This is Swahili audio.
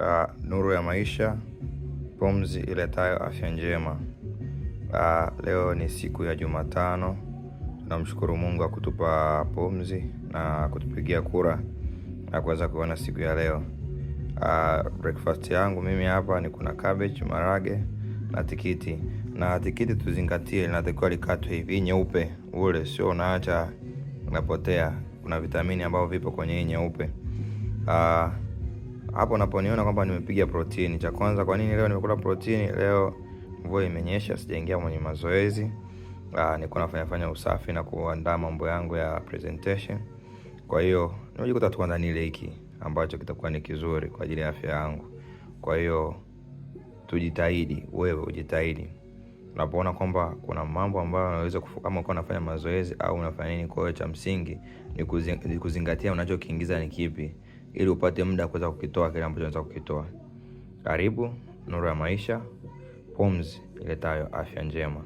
uh, nuru ya maisha, pumzi iletayo afya njema. Uh, leo ni siku ya Jumatano. Tunamshukuru Mungu wa kutupa pumzi na kutupigia kura na kuweza kuona siku ya leo. Uh, breakfast yangu mimi hapa ni kuna cabbage, marage na tikiti. Na tikiti tuzingatie, linatakiwa likatwe hivi nyeupe, ule sio unaacha unapotea. Kuna vitamini ambavyo vipo kwenye hii nyeupe uh, hapo unaponiona kwamba nimepiga protini. Cha kwanza, kwa nini leo nimekula protini? Leo mvua imenyesha, sijaingia kwenye mazoezi, ah, nilikuwa nafanya fanya usafi na kuandaa mambo yangu ya presentation. Kwa hiyo nimejikuta tu kwanza nile hiki ambacho kitakuwa ni kizuri kwa ajili ya afya yangu. Kwa hiyo tujitahidi, wewe ujitahidi unapoona kwamba kuna mambo ambayo unaweza kama uko unafanya mazoezi au unafanya nini. Kwa hiyo cha msingi ni kuzingatia unachokiingiza ni kipi ili upate muda kuweza kukitoa kile ambacho unaweza kukitoa. Karibu Nuru ya Maisha, pumzi iletayo afya njema.